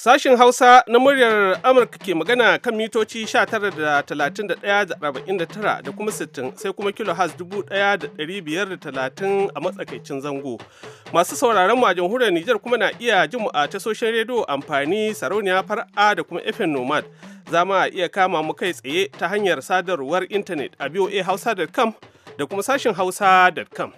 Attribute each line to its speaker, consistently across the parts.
Speaker 1: Sashin Hausa na muryar Amurka ke magana kan mitoci 19,31,49 da kuma 60 sai kuma kilohaz 1,530 a matsakaicin zango. Masu sauraron a jamhuriyar Nijar kuma na iya jin mu a tasoshin rediyo amfani sarauniya far'a da kuma FM Nomad. Za a iya kama mu kai tsaye ta hanyar sadarwar intanet a voahausa.com da kuma sashin hausa.com.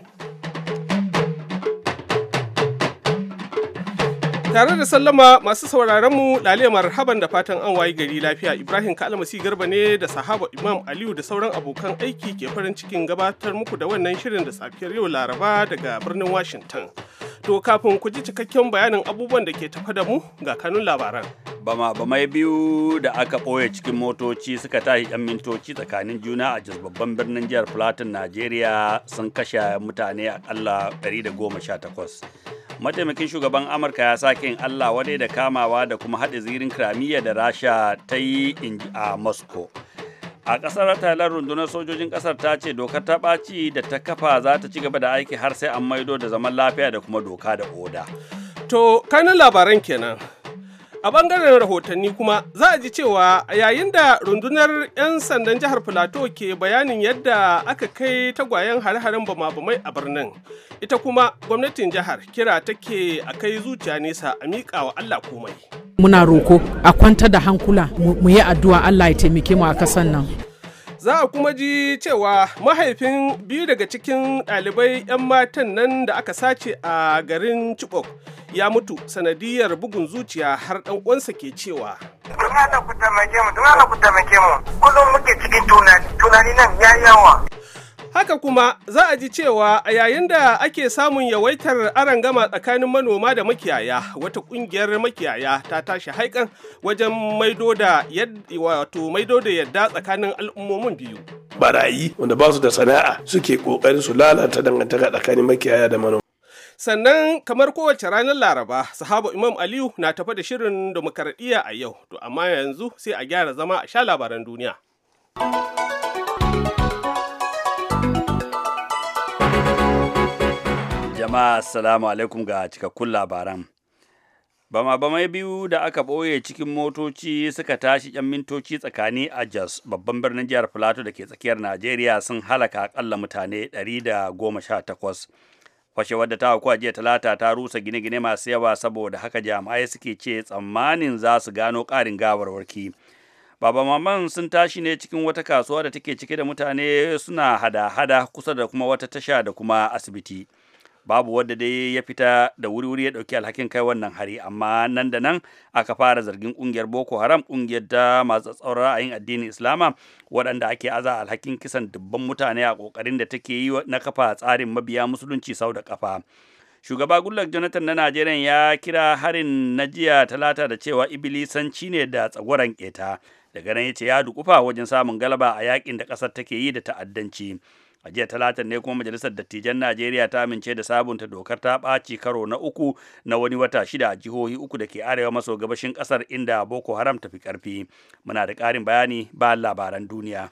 Speaker 1: Tare da sallama masu sauraron mu lale marhaban da fatan an wayi gari lafiya Ibrahim Kalmasi Garba ne da sahaba Imam Aliyu da sauran abokan aiki ke farin cikin gabatar muku da wannan shirin da safiyar yau Laraba daga birnin Washington. To kafin ku ji
Speaker 2: cikakken bayanin abubuwan da ke tafa da mu ga kanun labaran. Bama bamai biyu da aka boye cikin motoci suka tashi 'yan mintoci tsakanin juna a babban birnin jihar Plateau, Najeriya sun kashe mutane akalla 118. mataimakin shugaban amurka ya sake yin allah wadai da kamawa da kuma haɗe zirin kiramiya da rasha ta yi a moscow a ƙasar thailand rundunar sojojin ƙasar ta ce dokar ta ɓaci da ta kafa za ta ci gaba da aiki har sai an maido da zaman lafiya da kuma doka da oda to na labaran kenan A bangaren rahotanni kuma za a ji cewa
Speaker 1: yayin da rundunar 'yan sandan jihar Filato ke bayanin yadda aka kai tagwayen hare-haren bama-bamai a birnin. Ita kuma gwamnatin jihar kira take a kai zuciya nesa a miƙa wa Allah komai.
Speaker 3: Muna roko a kwanta da hankula mu yi addu'a Allah ya taimake mu a kasan nan.
Speaker 1: Za a kuma ji cewa mahaifin biyu daga cikin ɗalibai 'yan matan nan da aka sace a garin Chibok ya mutu sanadiyar bugun zuciya har ɗan uwansa ke cewa. Don Allah ku taimake mu, don ku taimake mu. Kullum muke cikin tunani, tunani nan ya yawa. Haka kuma za a ji cewa a yayin da ake samun yawaitar gama tsakanin manoma da makiyaya wata kungiyar makiyaya ta tashi haikan wajen maido da yadda tsakanin al'ummomin biyu. Barayi wanda ba su da sana'a suke kokarin su lalata dangantaka tsakanin makiyaya da manoma. sannan kamar kowace ranar laraba sahaba imam aliyu na tafa da shirin demokaradiyya a yau to amma yanzu sai a gyara zama a sha labaran duniya.
Speaker 2: jama'a assalamu alaikum ga cikakkun labaran bama mai biyu da aka ɓoye cikin motoci suka tashi 'yan mintoci tsakani a jos babban birnin jihar filato da ke tsakiyar najeriya sun halaka akalla mutane 118 fashewar da ta hauku a jiya talata ta rusa gine-gine masu yawa saboda haka jami'ai suke ce tsammanin za su gano ƙarin gawarwarki baba maman sun tashi ne cikin wata kasuwa da take cike da mutane suna hada-hada kusa da kuma wata tasha da kuma asibiti babu wanda dai ya fita da wuri-wuri ya dauki alhakin kai wannan hari amma nan da nan aka fara zargin ƙungiyar boko haram ƙungiyar ta masu tsauran ra'ayin addinin islama waɗanda ake aza alhakin kisan dubban mutane a ƙoƙarin da take yi na kafa tsarin mabiya musulunci sau da kafa shugaba gullak jonathan na najeriya ya kira harin na jiya talata da cewa ibilisanci ne da tsagoran keta daga nan ya ce ya dukufa wajen samun galaba a yakin da ƙasar take yi da ta'addanci a jiya talatin ne kuma majalisar dattijan najeriya ta amince da sabunta dokar ta ɓaci karo na uku na wani wata shida a jihohi uku da ke arewa maso gabashin ƙasar inda boko haram tafi karfi muna da ƙarin bayani bayan labaran duniya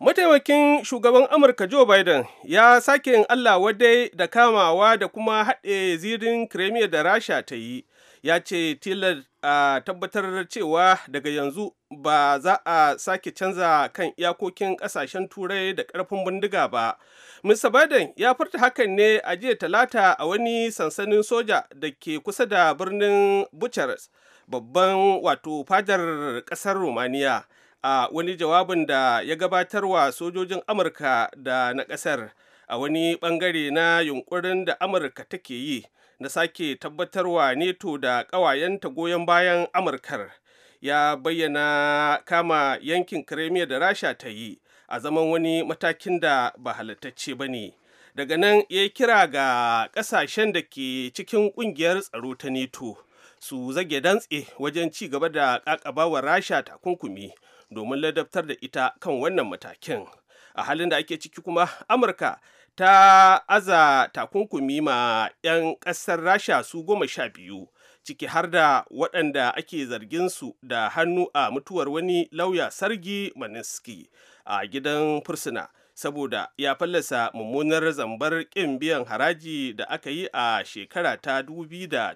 Speaker 2: mataimakin shugaban amurka joe biden
Speaker 1: ya sake yin allah wadai da kamawa da kuma haɗe zirin kremiya da rasha ta yi ya ce tilar a tabbatar cewa daga yanzu ba za a sake canza kan iyakokin kasashen turai da karfin bindiga ba mr biden ya furta hakan ne a jiya talata a wani sansanin soja da ke kusa da birnin bucharest babban wato fadar kasar romania a wani jawabin da ya gabatarwa sojojin amurka da na ƙasar, a wani ɓangare na yunkurin da amurka take yi na sake tabbatarwa neto da ƙawayenta goyon bayan amurkar ya bayyana kama yankin kremiya da rasha ta yi a zaman wani matakin da ba halittacce ba ne daga nan ya kira ga ƙasashen da ke cikin ƙungiyar tsaro ta neto su zage dantse wajen ci gaba da ƙaƙabawa rasha takunkumi domin ladabtar da ita kan wannan matakin a halin da ake ciki kuma amurka ta aza takunkumi ma 'yan ƙasar rasha su goma sha biyu ciki har da waɗanda ake zargin su da hannu a mutuwar wani lauya sargi maniski a gidan fursuna saboda ya fallasa mummunar zambar ƙin biyan haraji da aka yi a shekara ta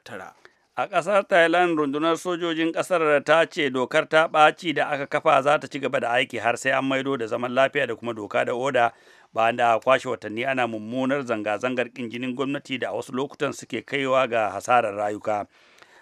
Speaker 1: tara.
Speaker 2: A ƙasar Thailand rundunar sojojin ƙasar ta ce dokar ta ɓaci da aka kafa za ta ci gaba da aiki har sai an maido da zaman lafiya da kuma doka da oda bayan da kwashe watanni ana mummunar zanga-zangar ƙin jinin gwamnati da a wasu lokutan suke kaiwa ga hasarar rayuka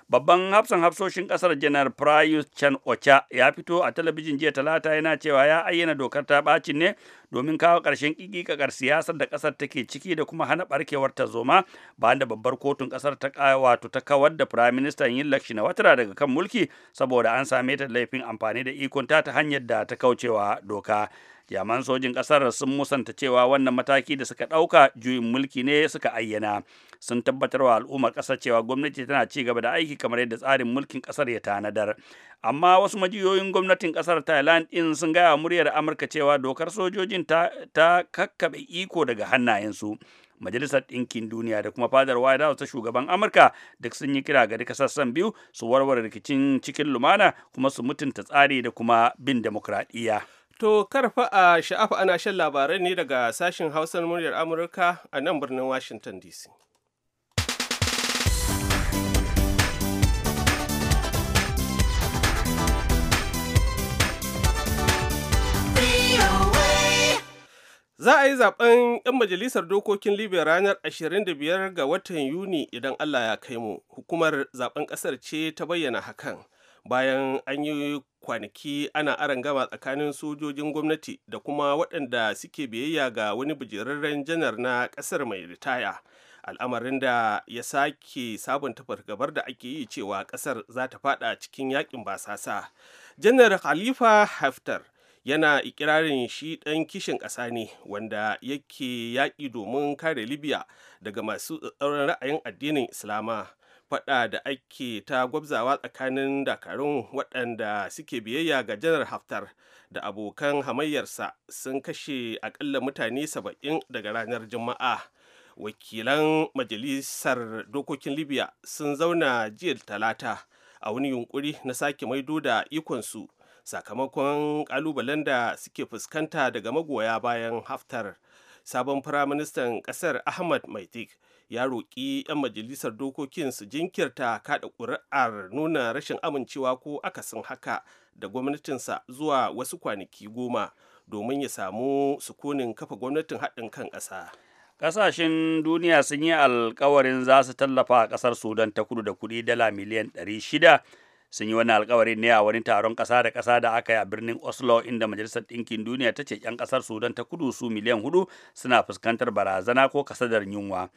Speaker 2: babban hafsan hafsoshin ƙasar janar prayus chan ocha ya fito a talabijin jiya talata yana cewa ya ayyana dokar ta ɓacin ne domin kawo ƙarshen ƙiƙiƙar siyasar da ƙasar take ciki da kuma hana ɓarkewar zoma bayan da babbar kotun ƙasar ta wato ta kawar da firaministan ministan yin lakshi na watara daga kan mulki saboda an same ta laifin amfani da ikon ta ta hanyar da ta kaucewa doka jaman sojin ƙasar sun musanta cewa wannan mataki da suka ɗauka juyin mulki ne suka ayyana sun tabbatar wa al'ummar ƙasar cewa gwamnati tana ci gaba da aiki kamar yadda tsarin mulkin ƙasar ya tanadar amma wasu majiyoyin gwamnatin ƙasar thailand ɗin sun gaya muryar amurka cewa dokar sojojin ukraine ta, ta kakkaɓe iko daga hannayensu majalisar ɗinkin duniya da kuma fadar white house ta shugaban amurka duk sun yi kira ga duka sassan biyu su warware rikicin cikin lumana kuma su mutunta tsari da kuma bin demokradiyya
Speaker 1: to karfa a sha'afa ana shan labarai ne daga sashen hausar muryar amurka a nan birnin washington dc Za a yi zaben 'yan majalisar dokokin Libya ranar 25 ga watan Yuni idan Allah ya kai mu. Hukumar zaben kasar ce ta bayyana hakan bayan an yi kwanaki ana gama tsakanin sojojin gwamnati da kuma waɗanda suke biyayya ga wani bujerarren janar na ƙasar mai ritaya. Al'amarin da ya sake sabunta fargabar da ake yi cewa ƙasar za ta fada cikin yakin basasa. Janar Khalifa Haftar yana ikirarin shi ɗan kishin ƙasa ne wanda yake yaƙi domin kare libya daga masu tsatsauran ra'ayin addinin islama faɗa da ake ta gwabzawa tsakanin dakarun waɗanda suke biyayya ga janar haftar da abokan hamayyarsa sun kashe akalla mutane saba'in daga ranar juma'a wakilan majalisar dokokin libya sun zauna jiya talata a wani yunkuri na sake maido da ikonsu sakamakon kalubalen da suke fuskanta daga magoya bayan haftar sabon firaministan kasar ahmad maitik ya roƙi 'yan majalisar dokokin su jinkirta kada ƙuri'ar nuna rashin amincewa ko akasin haka da gwamnatinsa zuwa wasu kwanaki goma domin ya samu sukunin kafa gwamnatin haɗin kan ƙasa.
Speaker 2: Ƙasashen duniya sun yi alkawarin za su tallafa ƙasar Sudan ta kudu da kuɗi dala miliyan 600 sun yi wani alkawarin ne a wani taron ƙasa da ƙasa da aka yi a birnin oslo inda majalisar ɗinkin duniya ta ce 'yan ƙasar sudan ta kudu su miliyan hudu suna fuskantar barazana ko kasadar yunwa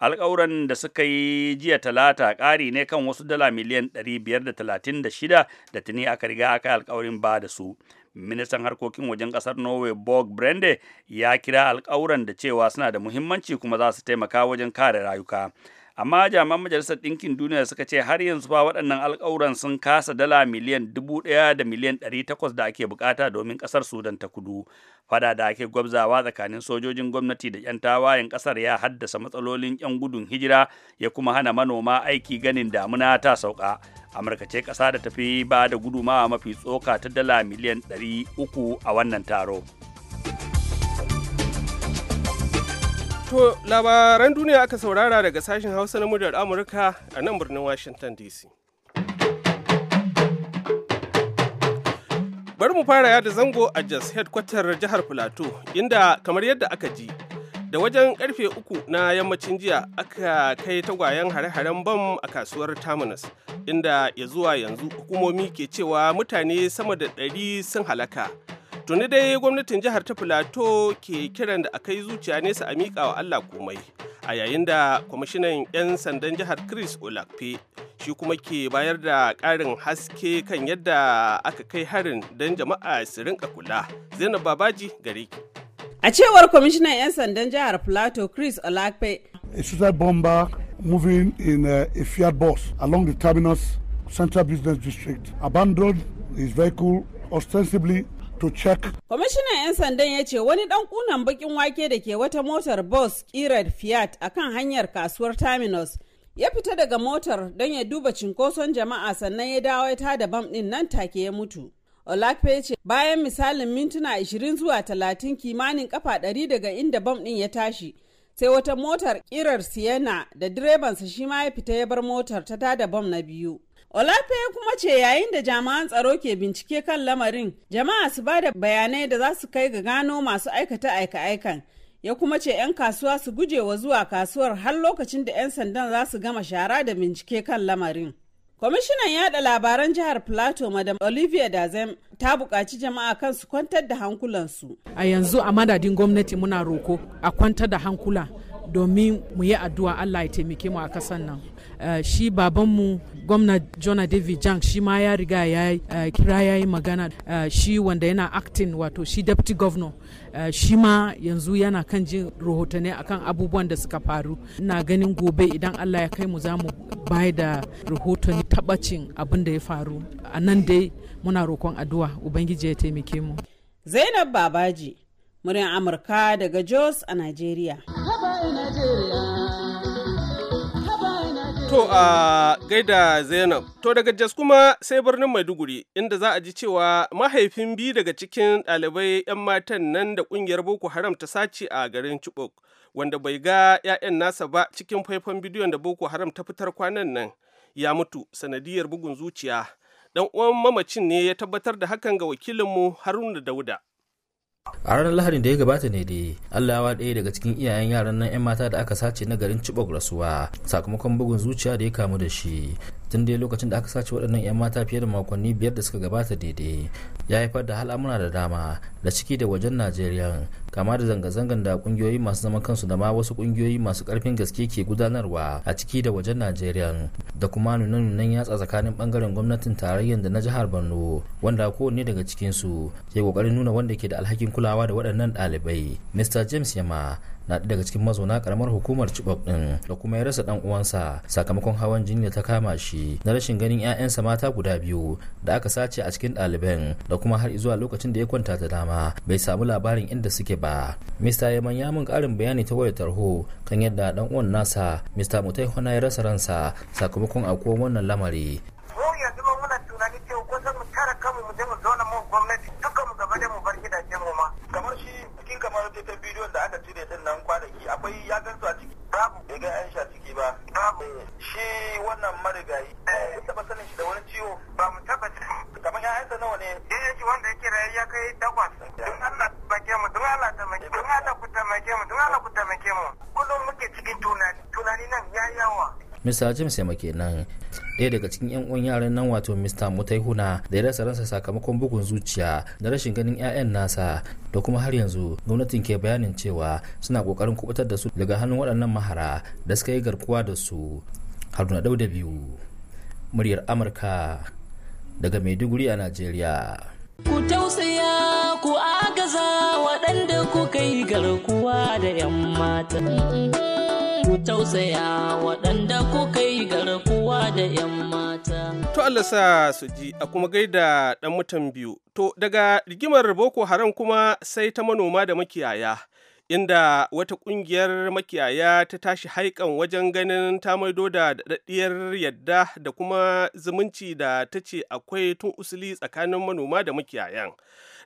Speaker 2: alkawuran da suka yi jiya talata ƙari ne kan wasu dala miliyan 536 da tuni aka riga aka yi alkawarin ba da su ministan harkokin wajen kasar norway borg brende ya kira alkawuran da cewa suna da muhimmanci kuma za su taimaka wajen kare rayuka amma jami'an majalisar ɗinkin duniya suka ce har yanzu ba waɗannan alƙawuran sun kasa dala miliyan dubu ɗaya da miliyan ɗari takwas da ake bukata domin ƙasar sudan ta kudu fada da ake gwabzawa tsakanin sojojin gwamnati da 'yan tawayen ƙasar ya haddasa matsalolin 'yan gudun hijira ya kuma hana manoma aiki ganin damuna ta sauka amurka ce ƙasa da tafi ba da gudumawa mafi tsoka ta dala miliyan ɗari uku a wannan taro.
Speaker 1: To labaran duniya aka saurara daga sashen Hausa na muryar Amurka a nan birnin Washington DC. Bari mu fara yada zango a jas headquarter jihar Filato inda kamar yadda aka ji da wajen karfe uku na yammacin jiya aka kai tagwayen hare-haren bam a kasuwar terminus inda ya zuwa yanzu hukumomi ke cewa mutane sama da ɗari sun halaka Tuni dai gwamnatin jihar ta Filato ke kiran da aka yi zuciya nesa a miƙa wa Allah komai. A yayin da kwamishinan 'yan sandan jihar Chris Olakpe shi kuma ke bayar da ƙarin haske kan yadda aka kai harin don jama'a su rinka kula. Zainab Babaji gare
Speaker 3: A cewar kwamishinan 'yan sandan jihar Plateau Chris Olakpe.
Speaker 4: A bomber moving in a, Fiat bus along the terminus Central Business District abandoned his vehicle ostensibly to check.
Speaker 3: Kwamishinan 'yan sandan ya ce wani dan kunan bakin wake da ke wata motar bus kirar Fiat a kan hanyar kasuwar Terminus ya fita daga motar don ya duba cinkoson jama'a sannan ya dawo ya tada bam din nan take ya mutu. Olakpe ce bayan misalin mintuna 20 zuwa 30 kimanin kafa 100 daga inda bam din ya tashi sai wata motar kirar siena da direbansa shi ma ya fita ya bar motar ta tada bam na biyu. Olafe kuma ce yayin da jami'an tsaro ke bincike kan lamarin, jama'a su ba da bayanai da za su kai ga gano masu aikata aika-aikan. Ya kuma ce 'yan kasuwa su guje wa zuwa kasuwar har lokacin da 'yan sandan za su gama shara da bincike kan lamarin. Kwamishinan yada labaran jihar Plateau Madam Olivia Dazem ta bukaci jama'a kan su kwantar da hankulansu. A yanzu a madadin gwamnati muna roko a kwantar da hankula domin mu yi addu'a Allah ya taimake mu a kasan nan. Eh, shi babanmu gwamna jona david Jang shi ma ya riga ya eh, kira ya yi magana eh, shi wanda yana acting wato shi deputy governor shi ma yanzu yana kan jin rahotanni akan abubuwan da suka faru na ganin gobe idan allah ya kai mu za mu bai da rahotanni tabbacin abin da ya faru a nan dai muna roƙon addu'a ubangiji ya taimake mu zainab babaji muryar amurka daga jos a najeriya To a
Speaker 1: gaida Zainab, to daga Jas kuma sai birnin Maiduguri inda za a ji cewa mahaifin biyu daga cikin ɗalibai 'yan matan nan da ƙungiyar Boko Haram ta sace a garin Chibok, wanda bai ga 'ya'yan nasa ba cikin faifan bidiyon da Boko Haram ta fitar kwanan nan ya mutu sanadiyar bugun zuciya. Dan uwan mamacin ne ya tabbatar da hakan ga wakilinmu Haruna Dauda.
Speaker 5: a ranar lahadin da ya gabata ne dai allah allawa ɗaya daga cikin iyayen yaran nan 'yan mata da aka sace na garin chibok rasuwa sakamakon bugun zuciya da ya kamu da shi tun dai lokacin da aka sace waɗannan 'yan mata fiye da makonni biyar da suka gabata daidai ya haifar da al'amura da dama da ciki da wajen najeriya kama da zanga-zangan da kungiyoyi masu zaman kansu da ma wasu kungiyoyi masu karfin gaske ke gudanarwa a ciki da wajen najeriya da kuma nunan yatsa tsakanin bangaren gwamnatin tarayyar da na jihar borno wanda kowanne daga cikinsu ke kokarin nuna wanda ke da alhakin kulawa da waɗannan ɗalibai mr james yama na daga cikin mazauna karamar hukumar Chibok din da kuma ya rasa dan uwansa sakamakon hawan jini da ta kama shi na rashin ganin 'ya'yansa mata guda biyu da aka sace a cikin ɗaliban da kuma har zuwa lokacin da ya kwanta da dama bai samu labarin inda suke ba. Mr. Yaman ya mun karin bayani ta wayar tarho kan yadda dan uwan nasa Mr. Mutai Hona ya rasa ransa sakamakon akwai wannan lamari. Mu yanzu muna tunani cewa ko mu tara kanmu mu je mu zauna mu gwamnati ta bidiyon da aka cire din nan kwanaki akwai ya gansu a ciki babu bai ga yan sha ciki ba babu shi wannan
Speaker 1: marigayi kun eh, taba sanin shi da wani ciwo ba mu tabbata kamar yansa nawa ne eh yake wanda yake ya kai takwas
Speaker 5: Mr. James Yamake nan ɗaya daga cikin 'yan uwan yaran nan wato mr mutaihuna da ya rasa ransa sakamakon bugun zuciya da rashin ganin 'ya'yan nasa da kuma har yanzu gwamnatin ke bayanin cewa suna kokarin kubutar da su daga hannun waɗannan mahara da suka yi garkuwa da su haruna da biyu muryar amurka daga maiduguri a najeriya
Speaker 3: ku tausaya ku agaza waɗanda ku yi garkuwa da 'yan mata ku tausaya waɗanda ku kai garkuwa da 'yan mata.
Speaker 1: To Allah sa su ji a kuma gaida ɗan mutan biyu. To daga rigimar Boko Haram kuma sai ta manoma da makiyaya. Inda wata ƙungiyar makiyaya ta tashi haikan wajen ganin ta maido da daɗaɗɗiyar yadda da kuma zumunci da ta ce akwai tun usuli tsakanin manoma da makiyayan.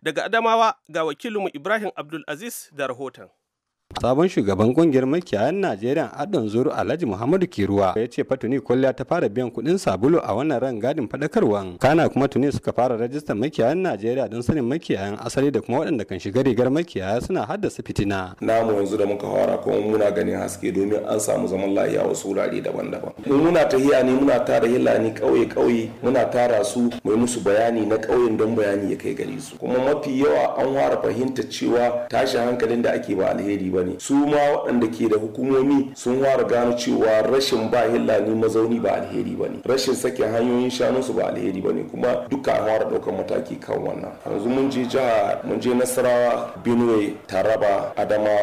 Speaker 1: Daga Adamawa ga wakilinmu Ibrahim Abdulaziz da rahoton.
Speaker 6: sabon shugaban kungiyar makiyayan najeriya adon zuru alhaji muhammadu ke ruwa. ya ce fatuni kwalliya ta fara biyan kudin sabulu a wannan ran gadin fadakarwan kana kuma tuni suka fara rajistar makiyayan najeriya don sanin makiyayan asali da kuma waɗanda kan shiga rigar makiyaya suna haddasa fitina
Speaker 1: namu yanzu da muka fara kuma muna ganin haske domin an samu zaman lafiya wasu wurare daban-daban mu muna tahiya ne muna tara ne ƙauye-ƙauye muna tara su mai musu bayani na ƙauyen don bayani ya kai gari su kuma mafi yawa an fara fahimta cewa tashin hankalin da ake ba alheri ba. ba ne su ma waɗanda ke da hukumomi sun fara gano cewa rashin ba hilla ni mazauni ba alheri ba ne rashin sake hanyoyin su ba alheri ba ne kuma duka an fara ɗaukar mataki kan wannan yanzu mun je jiha mun je nasarawa benue taraba adama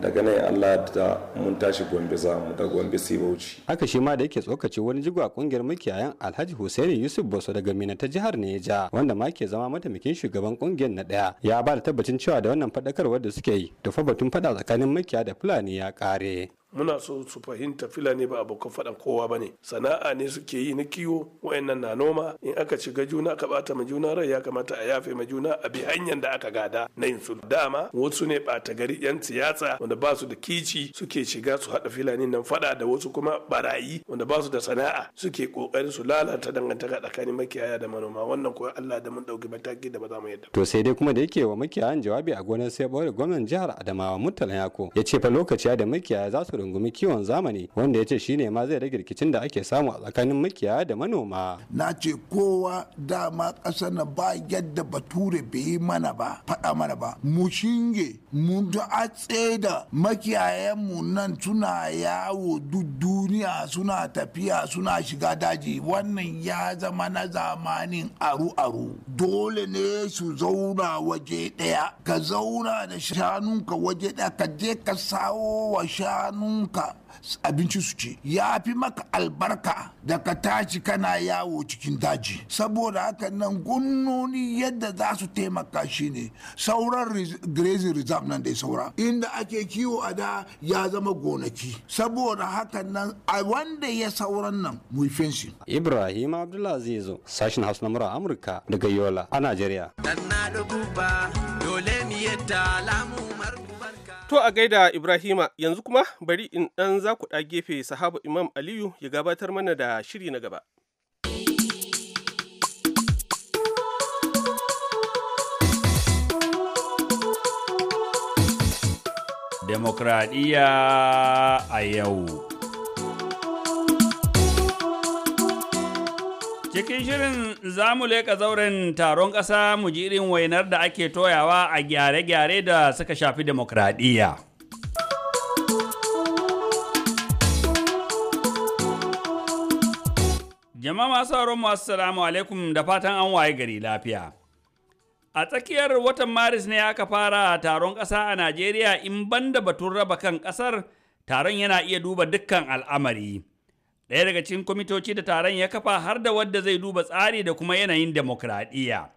Speaker 1: daga nan allah
Speaker 4: da mun tashi gombe za mu da gombe sai bauchi
Speaker 6: haka shi ma da yake tsokace wani jigo a kungiyar makiyayan alhaji hussein yusuf boso daga mina ta jihar neja wanda ma ke zama mataimakin shugaban kungiyar na daya ya ba da tabbacin cewa da wannan faɗakarwar da suke yi da fa batun faɗa tsakanin tsakanin makiya da fulani ya kare
Speaker 1: muna so su fahimta filani ba abokan faɗan kowa ba ne sana'a ne suke yi na kiwo wayannan na noma in aka shiga juna aka bata ma juna rai ya kamata a yafe ma juna a bi hanyar da aka gada na yin sulhu dama wasu ne ɓata gari yan siyasa wanda ba su da kici suke shiga su haɗa filani nan faɗa da wasu kuma barayi wanda ba su da sana'a suke ƙoƙarin su lalata dangantaka tsakanin makiyaya da manoma wannan ko Allah da mun ɗauki mataki da ba za mu yadda.
Speaker 6: To sai dai kuma da yake wa makiyayan jawabi a gonar sai gwamnan jihar Adamawa Murtala Yako ya fa lokaci da makiyaya za su rungumi kiwon zamani wanda ya ce shi ne ma zai rage rikicin da ake samu a tsakanin makiya
Speaker 4: da manoma na ce kowa dama ƙasa na ba yadda bature bai yi mana ba faɗa mana ba mu shinge mu da a da makiyayenmu nan suna yawo duk duniya suna tafiya suna shiga daji wannan ya zama na zamanin aru-aru dole ne su zauna waje ɗaya ka zauna da shanunka waje ɗaya ka je ka sawo wa shanu ka abinci su ci ya fi maka albarka da ka tashi kana yawo cikin daji saboda haka nan gunnoni yadda za su taimaka shi ne sauran grazing reserve nan da ya saura inda ake kiwo a da ya zama gonaki saboda haka nan a wanda ya sauran nan mu fensi
Speaker 6: ibrahim abdullahi zo sashin hausa na amurka daga yola a najeriya
Speaker 1: dole ni To a gaida Ibrahima yanzu kuma bari in ɗan za ku gefe sahaba Imam Aliyu ya gabatar mana da shiri na gaba.
Speaker 2: Demokradiyya a yau. Cikin shirin zamu leƙa zauren taron ƙasa mu ji irin wainar da ake toyawa a gyare-gyare da suka shafi demokradiyya. Jama'a masu sauran masu salamu alaikum da fatan an waye gari lafiya. A tsakiyar watan Maris ne aka fara taron ƙasa a Najeriya in banda batun raba kan ƙasar taron yana iya duba dukkan al'amari. ɗaya daga cikin kwamitoci da taron ya kafa har da wadda zai duba tsari da kuma yanayin demokradiyya.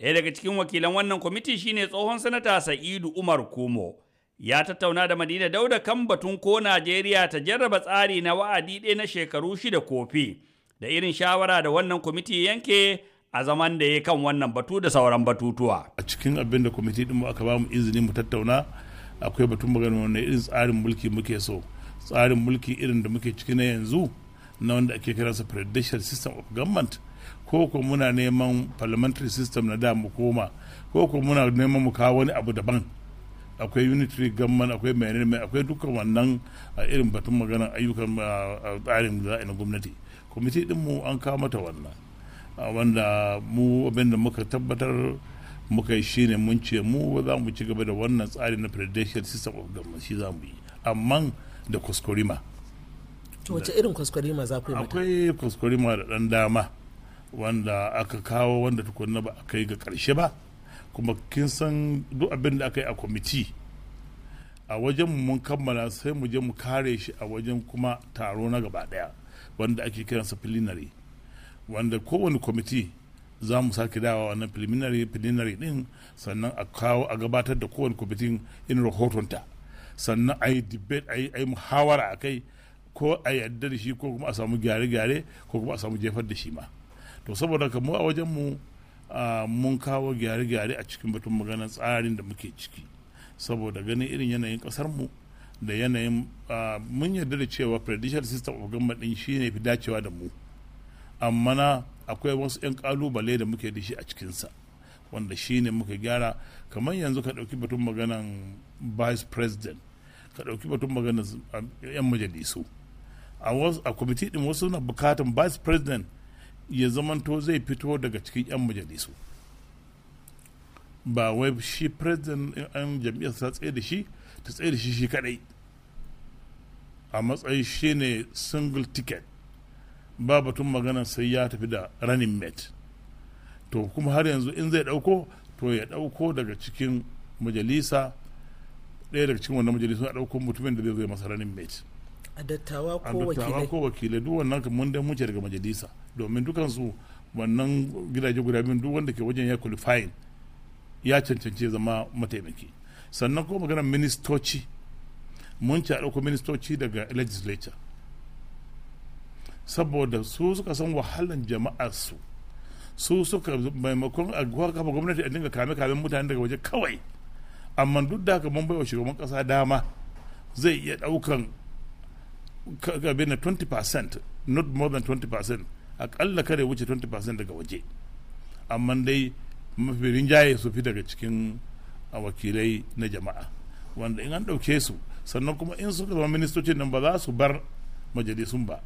Speaker 2: Ɗaya daga cikin wakilan wannan kwamiti shine tsohon sanata Sa'idu Umar Kumo. Ya tattauna da Madina Dauda kan batun ko Najeriya ta jarraba tsari na wa'adi ɗaya na shekaru shida kofi da irin shawara da wannan
Speaker 4: kwamiti yanke a zaman da ya kan wannan batu da sauran batutuwa. A cikin abin da kwamiti ɗin aka ba mu izini mu tattauna akwai batun maganin wani irin tsarin mulki muke so. tsarin mulki irin da muke ciki na yanzu na wanda ake su presidential system of government ko ko muna neman parliamentary system na da mu koma ko ko muna neman mu kawo wani abu daban akwai unitary government akwai menene mai akwai dukkan wannan a irin batun maganar ayyukan tsarin da na gwamnati kwamiti dinmu an kawo mata wannan wanda mu abinda muka tabbatar muka yi shine mun ce mu za mu ci gaba da wannan tsari na presidential system of government shi za mu yi amma da kuskurima
Speaker 3: wace irin kuskurima za ku yi
Speaker 4: akwai kuskurima da ɗan dama wanda aka kawo wanda tukunna ba a kai ga ƙarshe ba kuma kin san duk abin da aka yi a kwamiti a wajen mun kammala sai mu je mu kare shi a wajen kuma taro na gaba ɗaya wanda ake kiransa preliminary wanda kowane kwamiti za mu sake dawa wannan preliminary preliminary din sannan a kawo a gabatar da kowane kwamitin in rahotonta sannan a yi debate a yi muhawara a kai ko a yadda da shi ko kuma a samu gyare-gyare ko kuma a samu jefar da shi ma to saboda ka mu a wajen mu mun kawo gyare-gyare a cikin batun maganar tsarin da muke ciki saboda ganin irin yanayin kasar mu da yanayin mun yarda da cewa prejudicial system of government din shine fi dacewa da mu amma na akwai wasu 'yan kalubale da muke da shi a cikinsa wanda shi ne muka gyara kamar yanzu ka ɗauki batun maganan vice president ka ɗauki batun maganan 'yan majalisu a kwamiti ɗin wasu na bukatan vice president ya zamanto zai fito daga cikin 'yan majalisu ba wai shi president yan jam'iyyar ta tsaye da shi ta tsaye da shi shi kadai a matsayi shi ne single ticket ba batun magana sai ya tafi da running mate to kuma har yanzu in zai ɗauko to ya ɗauko daga cikin majalisa ɗaya daga cikin wannan majalisa a ɗauko mutumin da zai zai masa ranin mate
Speaker 5: a dattawa ko wakilai a dattawa
Speaker 4: ko wakilai duk wannan mun da muke daga majalisa domin dukansu wannan gidaje guda biyu duk wanda ke wajen ya qualifying ya cancanci zama mataimaki sannan kuma maganar ministoci mun ci a ɗauko ministoci daga legislature saboda su suka san wahalan jama'arsu su su suka maimakon a kafa gwamnati a dinga kame kamen mutane daga waje kawai amma duk da haka mun baiwa shugaban kasa dama zai iya daukan gabe na 20% not more than 20% akalla kare wuce 20% daga waje amma dai mafi rinjaye su fi daga cikin wakilai na jama'a wanda in an ɗauke su sannan kuma in suka zama ministocin nan ba za su bar majalisun ba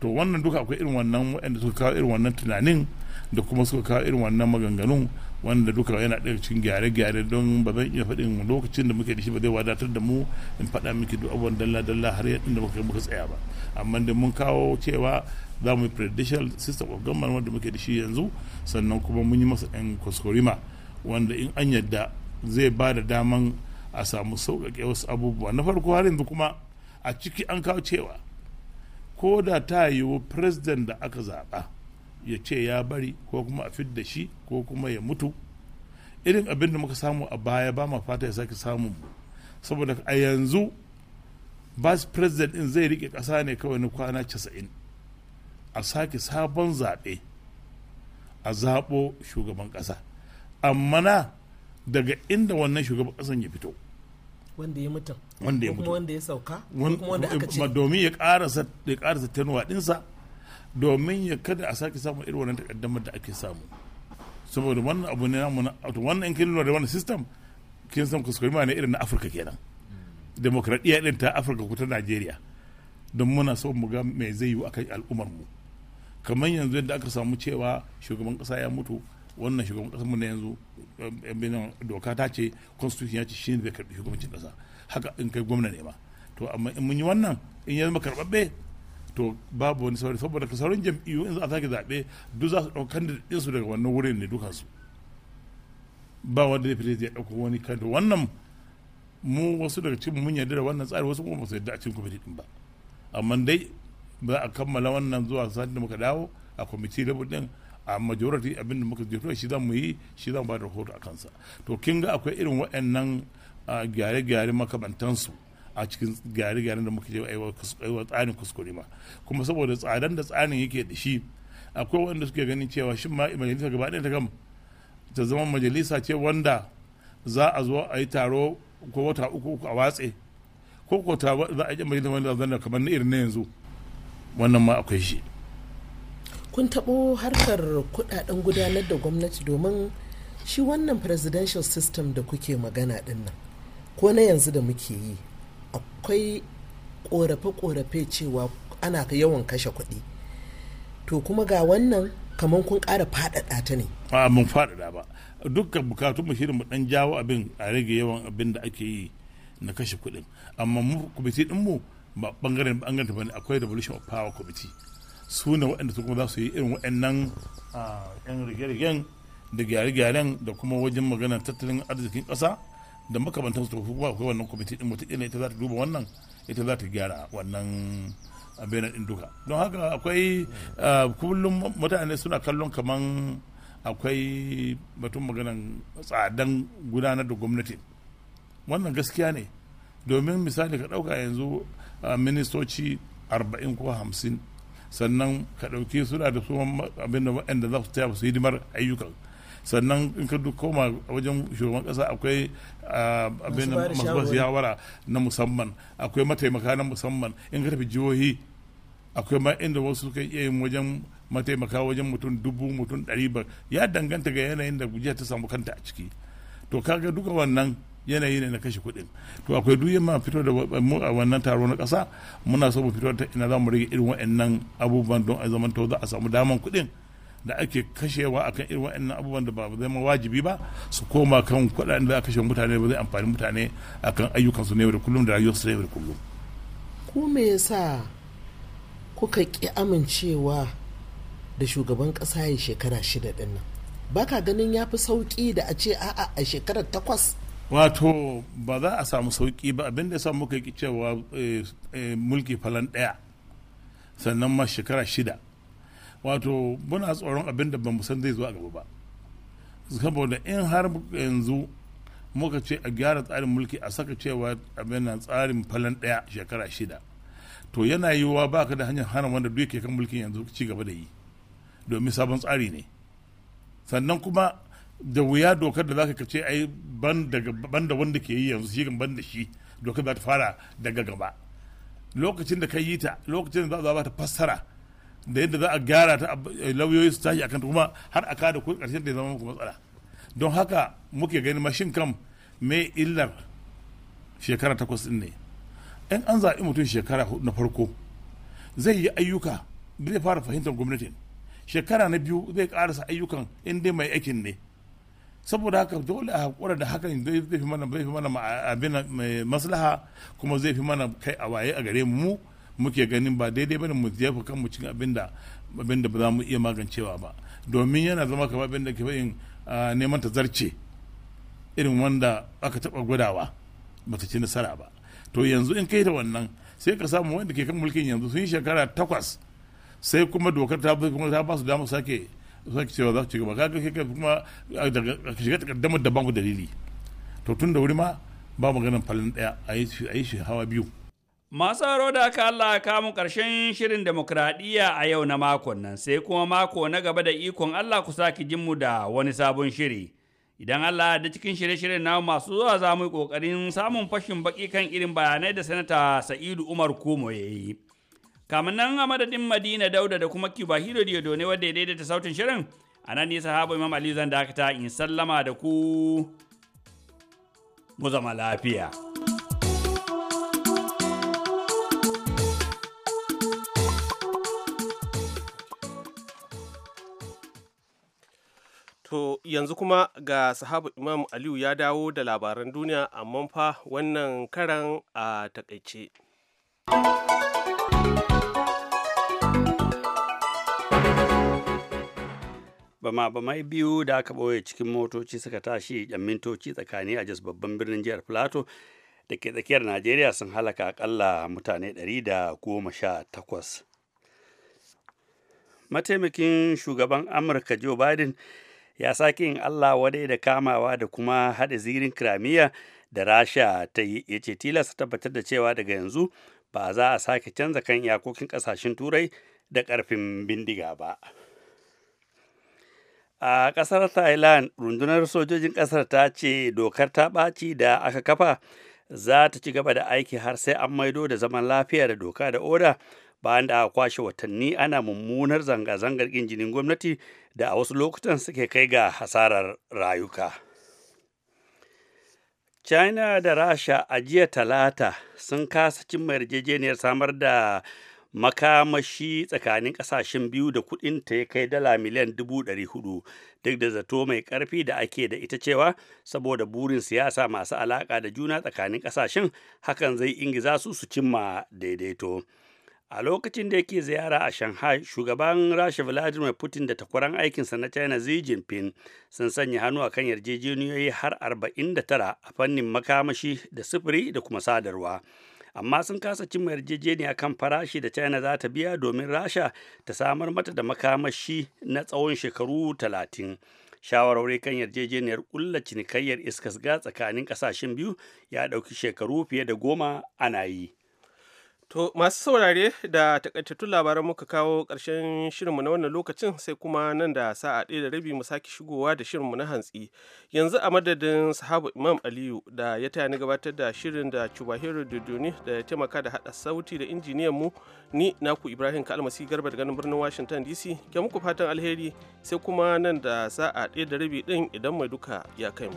Speaker 4: to wannan duka akwai irin wannan waɗanda suka kawo irin wannan tunanin da kuma suka kawo irin wannan maganganun wanda duka yana ɗaya cikin gyare-gyare don ba zan iya faɗin lokacin da muke da shi ba zai wadatar da mu in faɗa miki duk abubuwan dalla-dalla har yadda da muka muka tsaya ba amma da mun kawo cewa za mu yi presidential system of government wanda muke da shi yanzu sannan kuma mun yi masa ɗan kwaskwarima wanda in an yadda zai ba da daman a samu sauƙaƙe wasu abubuwa na farko har yanzu kuma a ciki an kawo cewa ko da ta yiwu president da aka zaɓa ya ce ya bari ko kuma a fidda shi ko kuma ya mutu irin abin da muka samu a baya ba ma fata ya sake samun saboda a yanzu vice president din zai rike ƙasa ne kawai na kwana 90 a sake sabon zaɓe a zaɓo shugaban ƙasa amma na daga inda wannan shugaban ƙasan ya fito wanda ya mutum wanda ya mutum wanda ya sauka kuma wanda aka ce domin ya karasa ya karasa tenuwa dinsa domin ya kada a sake samun irin wannan takaddamar da ake samu saboda wannan abu ne namu na wannan in kin lura da wannan system kin san ku ma ne irin na Afirka kenan demokradiyya din ta Afirka ko ta Najeriya don muna so mu ga me zai yi akan al'ummar mu kamar yanzu yadda aka samu cewa shugaban kasa ya mutu wannan shugaban kasar mu na yanzu yan eh, doka ta ce constitution ya ce shi ne bai karbi shugabancin kasa haka in kai gwamna ne ma to amma in mun yi wannan in ya zama karbabbe to babu wani sauri saboda ka sauran jam'iyyu in za a sake zaɓe duk za su ɗaukar da ɗin su daga wannan wurin ne duka su ba wanda zai fita ya ɗauko wani kandidat wannan mu wasu daga cikin mun yarda da wannan tsari wasu kuma ba su yarda a cikin kwamiti din ba amma dai ba a kammala wannan zuwa sati da muka dawo a kwamiti level din a majority abin da muka jefa shi za mu yi shi za mu ba da rahoto a kansa to kin ga akwai irin waɗannan gyare-gyare makamantansu a cikin gyare-gyaren da muka je aiwa tsarin kuskure ma kuma saboda tsadan da tsarin yake da shi akwai wanda suke ganin cewa shin ma majalisa gaba ɗaya ta gama ta zama majalisa ce wanda za a zo a yi taro ko wata uku uku a watse ko ko ta za a yi majalisa wanda zan kamar na irin na yanzu wannan ma akwai shi
Speaker 3: kun taɓo harkar kudaden gudanar da gwamnati domin shi wannan presidential system da kuke magana dinnan ko na yanzu da muke yi akwai korafe-korafe cewa ana yawan kashe kuɗi to kuma ga wannan kamar kun ƙara faɗaɗa ta ne
Speaker 4: a mun faɗaɗa ba dukkan bukatun mu shirin mu dan jawo abin a rage yawan abin da ake yi na kashe kuɗin amma mu kwamiti din mu ba bangaren bangaren ba bane akwai revolution of power committee su ne waɗanda su kuma za su yi irin waɗannan yan rige-rigen da gyare-gyaren da kuma wajen magana tattalin arzikin ƙasa da makamantan su kuma akwai wannan kwamiti din wataƙila ita za ta duba wannan ita za ta gyara wannan abin din duka don haka akwai kullum mutane suna kallon kaman akwai batun maganan tsadan gudanar da gwamnati wannan gaskiya ne domin misali ka ɗauka yanzu ministoci arba'in ko hamsin sannan ka ɗauke su da su abin da waɗanda za su taya su hidimar ayyukan sannan in ka duk koma wajen shugaban kasa akwai ah, abin masu ba yawara na musamman akwai mataimaka na musamman in ka tafi jihohi akwai ma inda wasu suka iya yin wajen mataimaka wajen mutum dubu mutum ɗari ya danganta ga yanayin da gujiya ta samu kanta a ciki to kaga duka wannan yanayi ne na kashe kuɗin to akwai duk ma fito da mu a wannan taro na ƙasa muna so mu fito ta ina za mu rage irin wa'annan abubuwan don a zaman to za a samu daman kuɗin da ake kashewa akan irin wa'annan abubuwan da ba ma wajibi ba su koma kan kuɗaɗen da aka kashe mutane ba zai amfani mutane akan ayyukansu ne da kullum da rayuwarsu ne da kullum
Speaker 3: ko me yasa kuka ki amincewa da shugaban ƙasa ya shekara shida ɗin baka ganin ya fi sauƙi da a ce a'a a shekarar takwas
Speaker 4: wato ba za a samu sauki ba abin da ya muka yi cewa eh, eh, mulki falan ɗaya sannan ma shekara shida wato muna tsoron abin da ba san zai zo a gaba ba saboda in har yanzu muka ce a gyara tsarin mulki a saka cewa abin nan tsarin falon ɗaya shekara shida to yana yiwuwa ba ka da hanyar hana wanda duk ke kan mulkin yanzu ci gaba da yi domin sabon tsari ne sannan kuma da wuya dokar da zaka kace ai ban daga ban da wanda ke yi yanzu shi ban da shi dokar za ta fara daga gaba lokacin da kai yi ta lokacin da za a ta fassara da yadda za a gyara ta eh, lauyoyi su tashi akan kuma har a kada kuɗi karshen da ya zama muku matsala don haka muke ganin mashin kam me illar shekara takwas ɗin ne in an zaɓi mutum shekara na farko zai yi ayyuka zai fara fahimtar gwamnatin shekara na biyu zai ƙarasa ayyukan in dai mai aikin ne saboda haka dole a haƙura da hakan zai fi mana zai fi mana abin maslaha kuma zai fi mana kai a waye a gare mu muke ganin ba daidai bane mu jefa kanmu cin abin da abin da ba za mu iya magancewa ba domin yana zama kamar abin da ke yin neman tazarce irin wanda aka taɓa gwadawa ba ta ci nasara ba to yanzu in kai da wannan sai ka samu wanda ke kan mulkin yanzu sun yi shekara takwas sai kuma dokar ta basu ba su sake zaki cewa za ci gaba kaga kai kuma shiga takaddamar da babu dalili to tun da wuri ma ba maganan falin daya a yi shi hawa biyu
Speaker 2: Masu haro da aka Allah kamu ƙarshen shirin demokradiyya a yau na makon nan sai kuma mako na gaba da ikon Allah ku sake jin mu da wani sabon shiri. Idan Allah da cikin shirye-shiryen na masu zuwa za mu yi ƙoƙarin samun fashin baƙi kan irin bayanai da Sanata Sa'idu Umar komo ya yi. kamar nan a madadin madina dauda da kuma cuba hiro da ne wadda ya daidaita sautin shirin a nan nisa sahaba imam ali zan dakata in sallama da ku mu zama lafiya
Speaker 1: To yanzu kuma ga sahabu Imam Aliyu ya dawo da labaran duniya amma fa wannan karan a takaice.
Speaker 2: bama-bamai biyu da aka ɓoye cikin motoci suka tashi yan mintoci tsakani a jos babban birnin jihar plato da ke tsakiyar najeriya sun halaka akalla mutane 118 mataimakin shugaban amurka joe biden ya sake yin allah wadai da kamawa da kuma haɗa zirin kiramiya da rasha ta yi ya ce tilasta tabbatar da cewa daga yanzu ba za a sake canza kan iyakokin ƙasashen turai da ƙarfin bindiga ba. a ƙasar thailand rundunar sojojin ƙasar ta ce dokar ta ɓaci da aka kafa za ta ci gaba da aiki har sai an maido da zaman lafiya da doka da oda bayan da aka kwashe watanni ana mummunar zanga-zangar injinin gwamnati da a wasu lokutan suke kai ga hasarar rayuka china da rasha a jiya talata sun kasa cimma yarjejeniyar samar da makamashi tsakanin kasashen biyu da kudin ta ya kai dala miliyan dubu ɗari hudu duk da zato mai karfi da ake da ita cewa saboda burin siyasa masu alaka da juna tsakanin kasashen hakan zai ingiza su su cimma daidaito a lokacin da yake ziyara a shanghai shugaban rasha vladimir putin da takwaran aikinsa na china xi jinping sun sanya hannu a kan yarjejeniyoyi har 49 a fannin makamashi da sufuri da kuma sadarwa amma sun kasa cin yarjejeniya kan farashi da china za ta biya domin rasha ta samar mata da makamashi na tsawon shekaru talatin shawarwari kan yarjejeniyar kulla cinikayyar iskas ga tsakanin kasashen biyu ya ɗauki shekaru fiye da goma ana yi
Speaker 1: To masu saurare da takaitattun labaran muka kawo ƙarshen shirinmu na wannan lokacin sai kuma nan da sa'a ɗaya da rabi mu sake shigowa da shirinmu na hantsi. Yanzu a madadin sahabu Imam Aliyu da ya taya ni gabatar da shirin da Chubahiru Dodoni da ya taimaka da haɗa sauti da injiniyan mu ni naku Ibrahim Kalmasi Garba daga birnin Washington DC. Ke muku fatan alheri sai kuma nan da sa'a ɗaya da rabi ɗin idan mai duka ya kai mu.